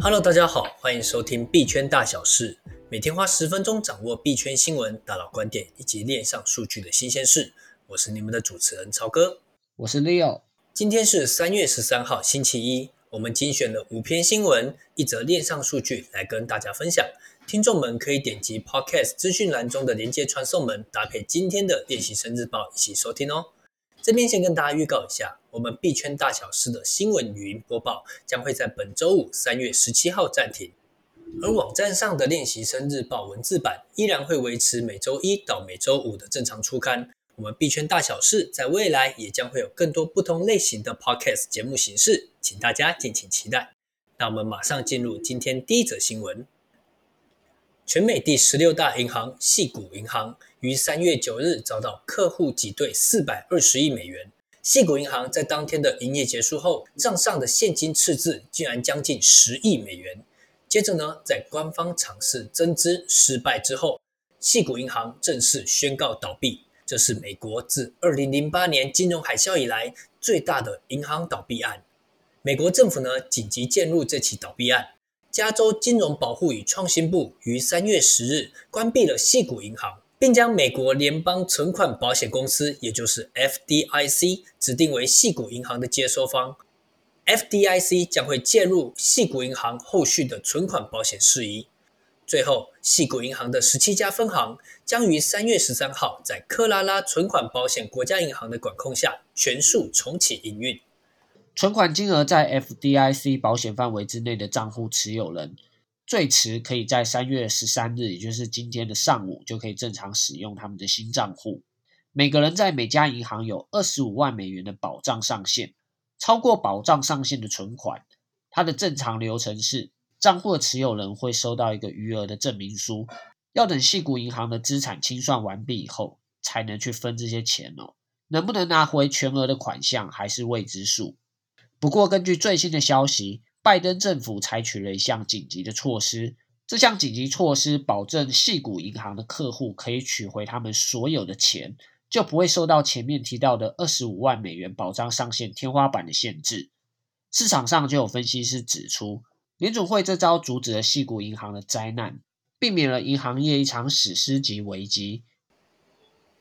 Hello，大家好，歡迎收聽幣圈大小事，每天花十分鐘掌握幣圈新聞、大佬觀點以及鏈上數據的新鮮事。我是你們的主持人超哥，我是 Leo。今天是三月十三號星期一，我們精選了五篇新聞、一則鏈上數據來跟大家分享。聽眾們可以點擊 Podcast 資訊欄中的連接傳送門，搭配今天的鏈習生日報一起收聽哦。這邊先跟大家預告一下，我們幣圈大小事的新聞語音播報將會在本周五三月十七號暫停，而網站上的鏈習生日報文字版依然會維持每周一到每周五的正常出刊。我們幣圈大小事在未來也將會有更多不同類型的 podcast 節目形式，請大家敬請期待。那我們馬上進入今天第一則新聞。全美第十六大銀行矽谷銀行於三月九日遭到客戶擠兌四百二十億美元。矽谷銀行在當天的營業結束後，賬上的現金赤字竟然將近十億美元。接着呢，在官方嘗試增資失敗之後，矽谷銀行正式宣告倒閉。這是美國自二零零八年金融海嘯以來最大的銀行倒閉案。美國政府呢，緊急介入這起倒閉案。加州金融保護與創新部於三月十日關閉了矽谷銀行，並將美國聯邦存款保險公司，也就是 FDIC，指定為矽谷銀行的接收方。FDIC 將會介入矽谷銀行後續的存款保險事宜。最後，矽谷銀行的十七家分行將於三月十三號在克拉拉存款保險國家銀行的管控下全數重啟營運。存款金額在 FDIC 保險範圍之內的賬戶持有人，最遲可以在三月十三日，也就是今天的上午，就可以正常使用他們的新賬戶。每個人在每家銀行有二十五萬美元的保障上限。超過保障上限的存款，它的正常流程是，賬戶持有人會收到一個餘額的證明書，要等矽谷銀行的資產清算完畢以後，才能去分這些錢哦。能不能拿回全額的款項還是未知數。不過，根據最新的消息，拜登政府採取了一項緊急的措施。這項緊急措施保證矽谷銀行的客戶可以取回他們所有的錢，就不會受到前面提到的二十五萬美元保障上限天花板的限制。市場上就有分析師指出，聯儲會這招阻止了矽谷銀行的災難，避免了銀行業一場史詩級危機。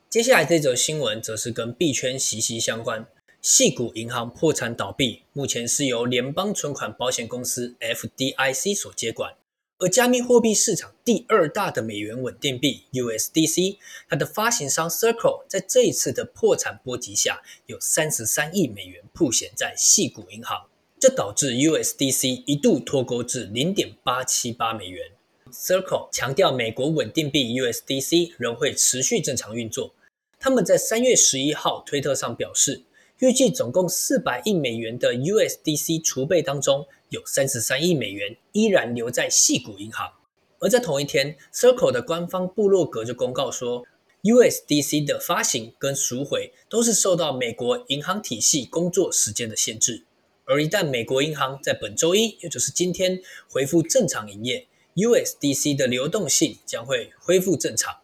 接下來這則新聞則是跟幣圈息息相關。矽谷銀行破產倒閉，目前是由聯邦存款保險公司 （FDIC） 所接管。而加密貨幣市場第二大的美元穩定幣 （USDC），它的發行商 Circle 在這一次的破產波及下，有三十三億美元曝險在矽谷銀行，這導致 USDC 一度脫鈎至零點八七八美元。Circle 強調，美國穩定幣 USDC 仍會持續正常運作。他們在三月十一號推特上表示。預計總共四百億美元的 USDC 儲備當中，有三十三億美元依然留在矽谷銀行。而在同一天，Circle 的官方部落格就公告說，USDC 的發行跟贖回都是受到美國銀行體系工作時間的限制。而一旦美國銀行在本週一，也就是今天恢復正常營業，USDC 的流動性將會恢復正常。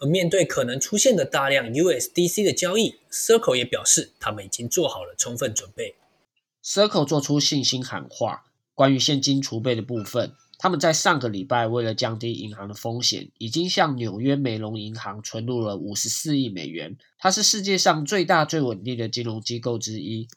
而面對可能出現的大量 USDC 的交易，Circle 也表示他們已經做好了充分準備。Circle 做出信心喊話，關於現金儲備的部分，他們在上個禮拜為了降低銀行的風險，已經向紐約梅隆銀行存入了五十四億美元，它是世界上最大最穩定的金融機構之一。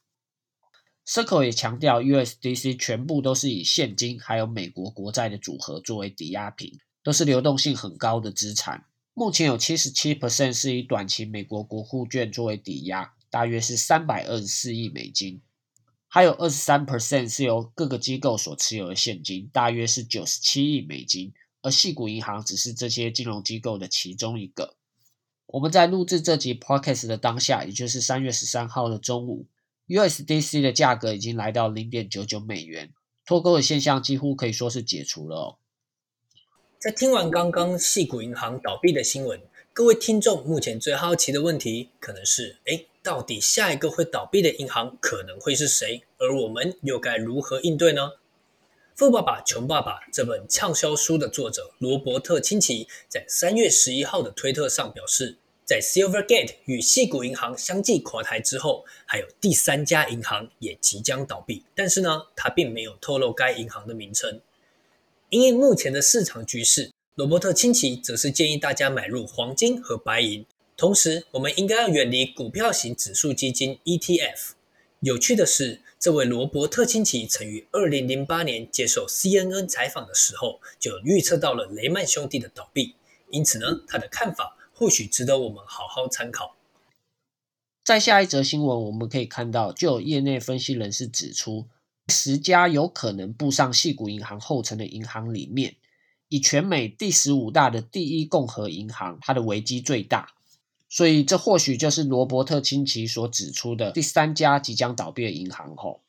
Circle 也強調 USDC 全部都是以現金還有美國國債的組合作為抵押品，都是流動性很高的資產。目前有七十七 percent 是以短期美國國庫券作為抵押，大約是三百二十四億美金；還有二十三 percent 是由各個機構所持有的現金，大約是九十七億美金。而矽谷銀行只是這些金融機構的其中一個。我們在錄製這集 Podcast 的當下，也就是三月十三號的中午，USDC 的價格已經來到零點九九美元，脫鈎的現象幾乎可以說是解除了哦。在聽完剛剛矽谷銀行倒閉的新聞，各位聽眾目前最好奇的問題可能是：哎，到底下一個會倒閉的銀行可能會是誰？而我們又該如何應對呢？《富爸爸窮爸爸》這本暢銷書的作者羅伯特清崎在三月十一號的推特上表示，在 Silvergate 與矽谷銀行相繼垮台之後，還有第三家銀行也即將倒閉，但是呢，他並沒有透露該銀行的名稱。因為目前的市場局勢，羅伯特·清崎則是建議大家買入黃金和白銀，同時，我們應該要遠離股票型指數基金 ETF。有趣的是，這位羅伯特·清崎曾於二零零八年接受 CNN 採訪的時候，就預測到了雷曼兄弟的倒閉，因此呢，他的看法或許值得我們好好參考。在下一則新聞，我們可以看到，就有業內分析人士指出，十家有可能步上矽谷銀行後塵的銀行裡面，以全美第十五大的第一共和銀行，它的危機最大，所以這或許就是羅伯特清崎所指出的第三家即將倒閉的銀行。後，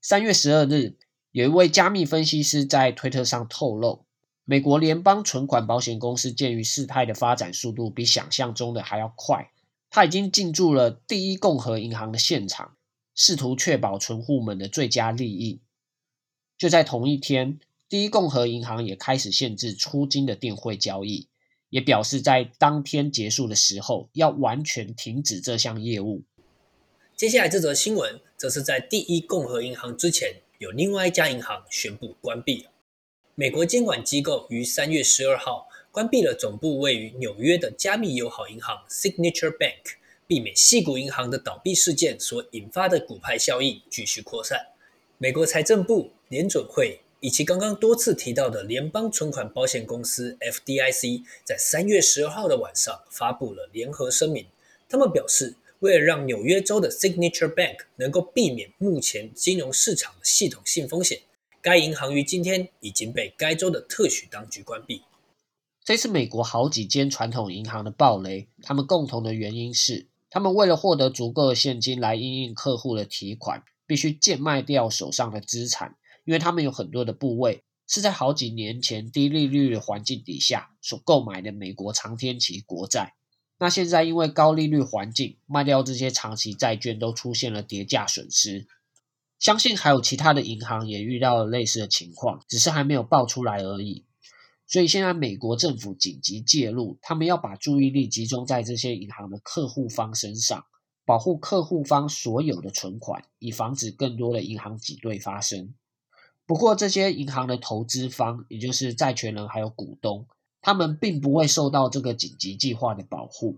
三月十二日，有一位加密分析師在推特上透露，美國聯邦存款保險公司鑑於事態的發展速度比想象中的還要快，他已經進駐了第一共和銀行的現場。試圖確保存戶們的最佳利益。就在同一天，第一共和銀行也開始限制出金的電匯交易，也表示在當天結束的時候要完全停止這項業務。接下來這則新聞，則是在第一共和銀行之前，有另外一家銀行宣布關閉。美國監管機構於三月十二號關閉了總部位於紐約的加密友好銀行 （Signature Bank）。避免矽谷銀行的倒閉事件所引發的骨牌效應繼續擴散。美國財政部、聯準會以及剛剛多次提到的聯邦存款保險公司 FDIC，在三月十二號的晚上發布了聯合聲明。他們表示，為了讓紐約州的 Signature Bank 能夠避免目前金融市場的系統性風險，該銀行於今天已經被該州的特許當局關閉。這次美國好幾間傳統銀行的暴雷，他們共同的原因是。他們為了獲得足夠的現金來因應客戶的提款，必須賤賣掉手上的資產，因為他們有很多的部位是在好幾年前低利率的環境底下所購買的美國長天期國債。那現在因為高利率環境，賣掉這些長期債券都出現了跌價損失。相信還有其他的銀行也遇到了類似的情況，只是還沒有爆出來而已。所以現在美國政府緊急介入，他們要把注意力集中在這些銀行的客戶方身上，保護客戶方所有的存款，以防止更多的銀行擠兌發生。不過，這些銀行的投資方，也就是債權人還有股東，他們並不會受到這個緊急計劃的保護。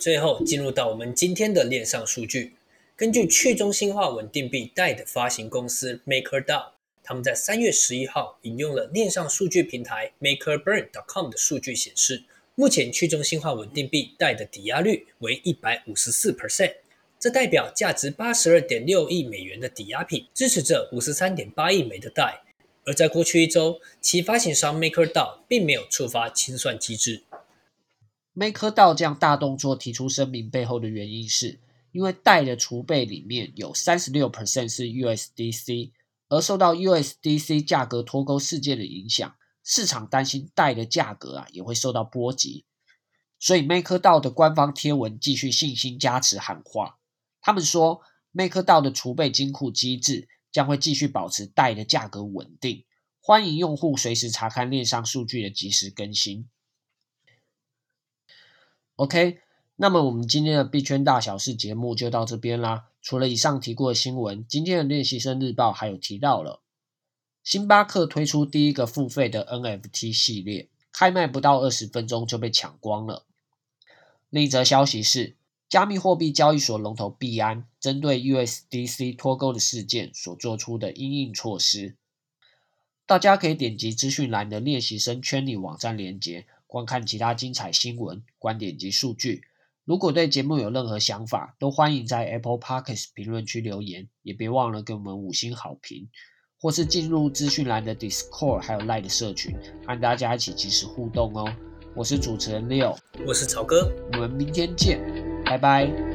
最後，進入到我們今天的鏈上數據，根據去中心化穩定幣 DAI 的發行公司 MakerDAO。他們在三月十一號引用了鏈上數據平台 MakerBurn.com 的數據顯示，目前去中心化穩定幣 DAI 的抵押率為一百五十四 percent，這代表價值八十二點六億美元的抵押品支持着五十三點八億枚的 DAI。而在過去一周，其發行商 MakerDAO 並沒有觸發清算機制。MakerDAO 這樣大動作提出聲明背後的原因是，因為 DAI 的儲備裡面有三十六 percent 是 USDC。而受到 USDC 價格脫鈎事件的影響，市場擔心 DAI 的價格啊也會受到波及，所以 MakerDAO 的官方貼文繼續信心加持喊話，他們說 MakerDAO 的儲備金庫機制將會繼續保持 DAI 的價格穩定，歡迎用戶隨時查看鏈上數據的及時更新。OK。那麼我們今天的幣圈大小事節目就到這邊啦。除了以上提過的新聞，今天的鏈習生日報還有提到了，星巴克推出第一個付費的 NFT 系列，開賣不到二十分鐘就被搶光了。另一則消息是，加密貨幣交易所龍頭幣安針對 USDC 脫鈎的事件所做出的因應措施。大家可以點擊資訊欄的鏈習生圈裡網站鏈接，觀看其他精彩新聞、觀點及數據。如果對節目有任何想法，都歡迎在 Apple Podcast 評論區留言，也別忘了給我們五星好評，或是進入資訊欄的 Discord，還有 LINE 的社群，和大家一起即時互動哦。我是主持人 Leo，我是曹哥，我們明天見，拜拜。